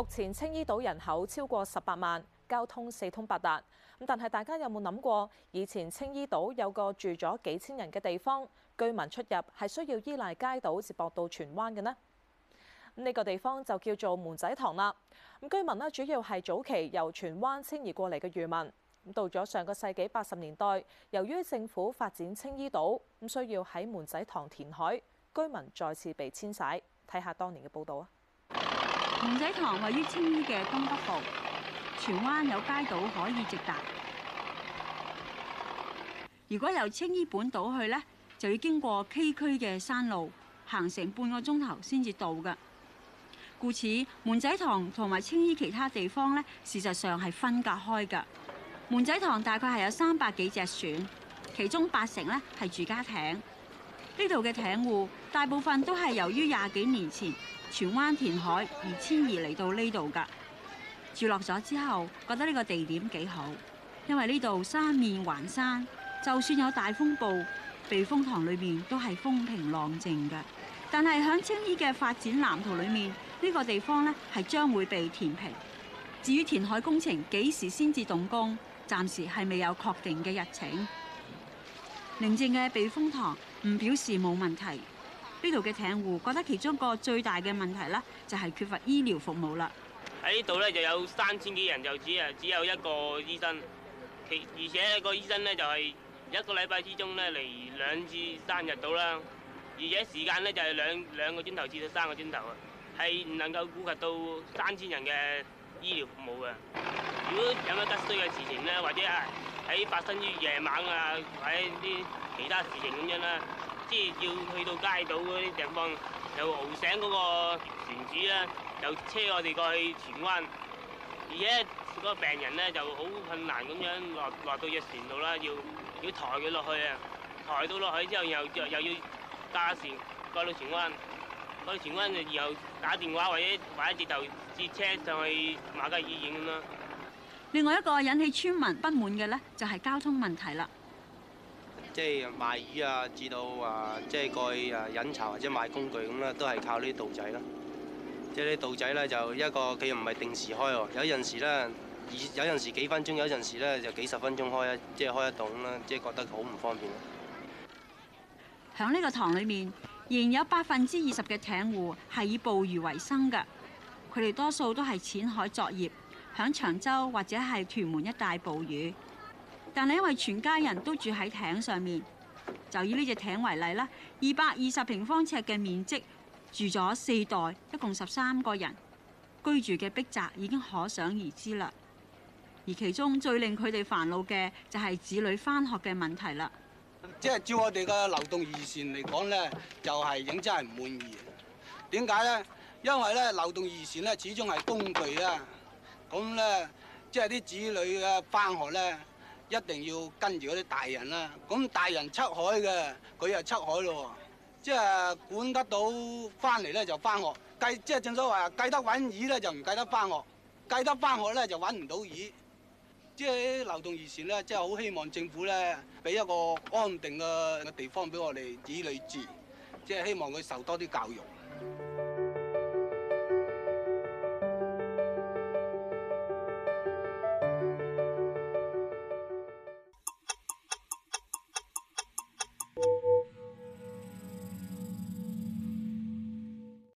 目前青衣島人口超過十八萬，交通四通八達。咁但係大家有冇諗過，以前青衣島有個住咗幾千人嘅地方，居民出入係需要依賴街渡接駁到荃灣嘅呢？呢、這個地方就叫做門仔塘啦。咁居民咧主要係早期由荃灣遷移過嚟嘅漁民。咁到咗上個世紀八十年代，由於政府發展青衣島，咁需要喺門仔塘填海，居民再次被遷徙。睇下當年嘅報導啊！門仔塘位於青衣嘅東北部，荃灣有街渡可以直達。如果由青衣本島去咧，就要經過崎嶇嘅山路，行成半個鐘頭先至到噶。故此，門仔塘同埋青衣其他地方咧，事實上係分隔開噶。門仔塘大概係有三百幾隻船，其中八成咧係住家艇。呢度嘅艇戶大部分都係由於廿幾年前。荃灣填海而遷移嚟到呢度噶，住落咗之後覺得呢個地點幾好，因為呢度三面環山，就算有大風暴，避風塘裏面都係風平浪靜嘅。但係喺青衣嘅發展藍圖裏面，呢個地方呢係將會被填平。至於填海工程幾時先至動工，暫時係未有確定嘅日程。寧靜嘅避風塘唔表示冇問題。呢度嘅艇戶覺得其中一個最大嘅問題咧，就係缺乏醫療服務啦。喺呢度咧就有三千幾人，就只啊只有一個醫生，其而且個醫生咧就係一個禮拜之中咧嚟兩至三日到啦，而且時間咧就係兩兩個鐘頭至到三個鐘頭啊，係唔能夠估及到三千人嘅醫療服務啊！如果有乜急需嘅事情咧，或者係喺發生於夜晚啊或者啲其他事情咁樣啦。即係要去到街渡嗰啲地方，又熬醒嗰個船主啦，又車我哋過去荃灣，而且嗰個病人咧就好困難咁樣落落到隻船度啦，要要抬佢落去啊，抬到落去之後又又又要駕船過到荃灣，過到荃灣又打電話或者或者接頭截車上去馬家醫院咁咯。另外一個引起村民不滿嘅咧，就係交通問題啦。.即係賣魚啊，至到啊，即係過去啊飲茶或者賣工具咁啦，都係靠呢啲渡仔啦。即係啲渡仔咧，就一個佢又唔係定時開喎，有陣時咧，有陣時幾分鐘，有陣時咧就幾十分鐘開，開一，即係開一棟啦，即係覺得好唔方便咯。響呢個塘裏面，仍有百分之二十嘅艇戶係以捕魚為生嘅，佢哋多數都係淺海作業，響長洲或者係屯門一帶捕魚。但係因為全家人都住喺艇上面，就以呢隻艇為例啦，二百二十平方尺嘅面積住咗四代，一共十三個人居住嘅逼窄已經可想而知啦。而其中最令佢哋煩惱嘅就係子女翻學嘅問題啦。即係照我哋嘅流動漁船嚟講咧，就係、是、影真係唔滿意。點解咧？因為咧流動漁船咧始終係工具啊。咁咧即係啲子女嘅翻學咧。一定要跟住嗰啲大人啦，咁大人出海嘅，佢又出海咯，即係管得到翻嚟咧就翻學計，即係正所謂計得揾魚咧就唔計得翻學，計得翻學咧就揾唔到魚，即係流動兒童咧，即係好希望政府咧俾一個安定嘅地方俾我哋子女住，即係希望佢受多啲教育。